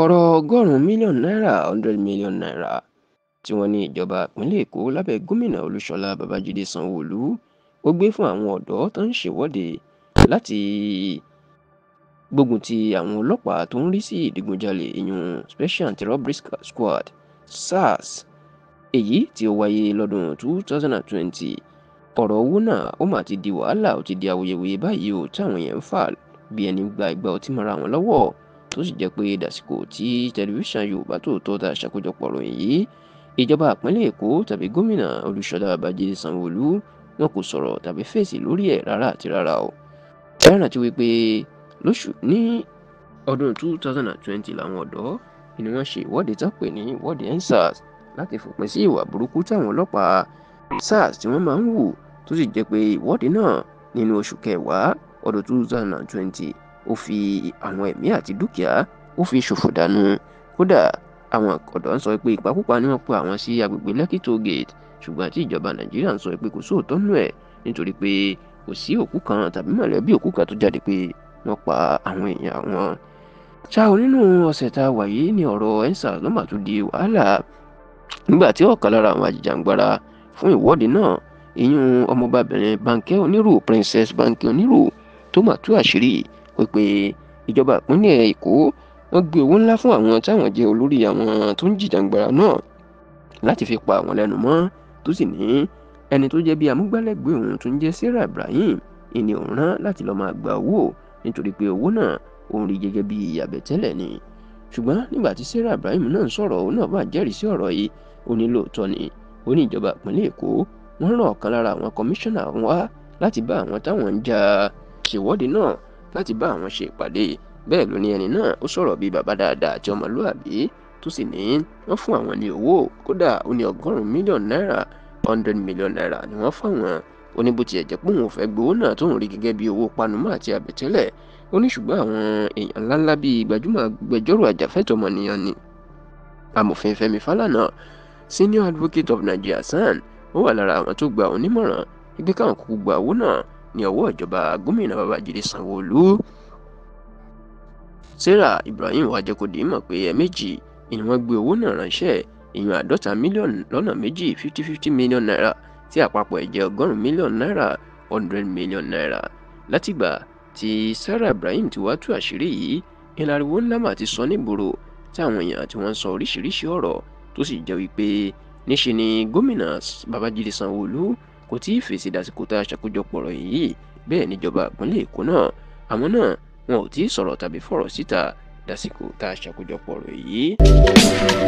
ọ̀rọ̀ ọgọ́rùn-ún mílíọ̀nù náírà hundred million naira tí wọ́n ní ìjọba ìpínlẹ̀ èkó lábẹ́ gómìnà olúṣọlá babájídé sanwóolu ó gbé fún àwọn ọ̀dọ́ tó ń ṣèwọ́de láti gbógun ti àwọn ọlọ́pàá tó ń rí sí ìdigunjalè ìyún special anti-robbery squad sars èyí tí ó wáyé lọ́dún two thousand and twenty ọ̀rọ̀ owó náà ó mà ti di wàhálà ó ti di awuyewuye báyìí ó táwọn yẹn ń fà bí ẹni gba ìgbà ọtí mọ́ra wọn lọ́wọ́ tó sì jẹ́ pé dàsìkò tí tẹlifíṣàn yorùbá tòótọ́ ta ṣàkójọpọ̀ ròyìn yìí ìjọba àpínlẹ̀ èkó tàbí gómìnà olùṣọ́lá babájídé sanwóolu wọn kò sọ̀rọ̀ tàbí fèsì lórí ẹ̀ rárá àti rárá o. ẹ̀ràn ti wí pé lóṣù ní ọdún 2020 làwọn ọ̀dọ́ ni wọ́n ṣe ìwọ́de tó pè ní ìwọ́de endsars láti fòpin sí ìwà burúkú táwọn ọlọ́pàá sars tí wọ́n máa ń hù tó sì jẹ́ pé ìwọ́de náà nínú oṣù kẹwàá ọdún 2020 ó fi àwọn ẹ̀mí àti dúkìá ó fi ṣòfò dànù kódà àwọn ọ̀dọ́ ń sọ pé ìpakúpa ni wọ́n pa àwọn sí agbègbè Lekki toll gate ṣùgbọ́n tí ìjọba Nàìjíríà ń sọ pé kò sóòótọ́ nù ẹ̀ nítorí pé kò sí òkú kan tàbí mọ̀lẹ́bí òkú kan tó jáde pé wọ́n pa àwọn èèyàn wọn. ṣá o nínú ọ̀sẹ̀ tá a wà yìí ni ọ̀rọ̀ ensars ló mà di wàhálà nígbà tí ọ̀kan lára àwọn àjìjàngbara fún ìwọ́de náà ìyún ọmọbabìnrin Banke Onírù Princess Banke oniru tó mà tú àṣírí wípé ìjọba ìpínlẹ̀ Èkó wọ́n gbé owó ńlá fún àwọn táwọn jẹ́ olórí àwọn tó ń jìjàngbara náà láti fi pa àwọn lẹ́nu mọ́ tó sì ní ẹni tó jẹ́ bí amúgbálẹ́gbẹ̀ẹ́ òun tó ń jẹ́ Sarah Ibrahim ìní òun rán láti lọ́ọ́ máa gba owó nítorí pé owó náà òun rí gẹ́gẹ́ bí àbẹ̀tẹ́lẹ̀ ni ṣùgbọ́n nígbà tí Sarah Ibrahim náà ń sọ̀rọ̀ òun náà bá jẹ́rìí sí ọ̀rọ̀ yìí ó ní lóòótọ́ ni ó ní ìjọba ìpínlẹ̀ Èkó wọ́n rán ọ̀kan lára àwọn kọmíṣánná wá láti bá àwọn táwọn ń ja ṣèwọ́de náà láti bá àwọn ṣe ìpàdé bẹ́ẹ̀ ló ní ẹni náà ó sọ̀rọ̀ bíi bàbá dáadáa àti ọmọlúàbí tó sì ní wọ́n fún àwọn ní owó kódà ó ní ọgọ́rùn-ún mílíọ̀nù náírà hundred million naira ni wọ́n fún àwọn ó ní bó tiẹ̀ jẹ́ pé òun ò fẹ́ gbowó náà tóun rí gẹ́gẹ́ bí owó panumọ́ àti àbẹ̀tẹ́lẹ̀ ó ní ṣùgbọ́n àwọn èèyàn ńláńlá bíi gbajúmọ̀ agbẹjọ́rò àjàfẹ́tọ̀ọ́mọnìyàn ni amòfin Fẹ́mi Fálànà senior advocate of Nigeria SAN ó wà lára àwọn tó gba onímọ̀ràn ìgbékàwọn kúkú gba owó náà ní ọwọ́ ìjọba gómìnà babájídé sanwóolu sarah ibrahim wá di mọ̀ pé ẹ̀ẹ̀mejì ni wọ́n gbé owó náà ránṣẹ́ èèyàn àádọ́ta mílíọ̀nù lọ́nà méjì fifty fifty million naira tí àpapọ̀ ẹ̀ jẹ́ ọgọ́rùn-ún mílíọ̀nù náírà hundred million naira látìgbà tí sarah ibrahim ti wá tú àṣírí yìí ìlàríwó ńlá mà ti sọ nígboro tí àwọn èèyàn tí wọ́n ń sọ oríṣiríṣi ọ̀rọ̀ tó sì jẹ́ wípé níṣe ni gómìnà babájídé sanwóolu kò tí ì fèsì dàsìkò tá a ṣàkójọpọ̀ ọ̀rọ̀ yìí bẹ́ẹ̀ níjọba ìpínlẹ̀ èkó náà àmọ́ náà wọn ò tí ì sọ̀rọ̀ tàbí fọ̀rọ̀ síta dàsìkò tá a ṣàkójọpọ̀ ọ̀rọ̀ yìí.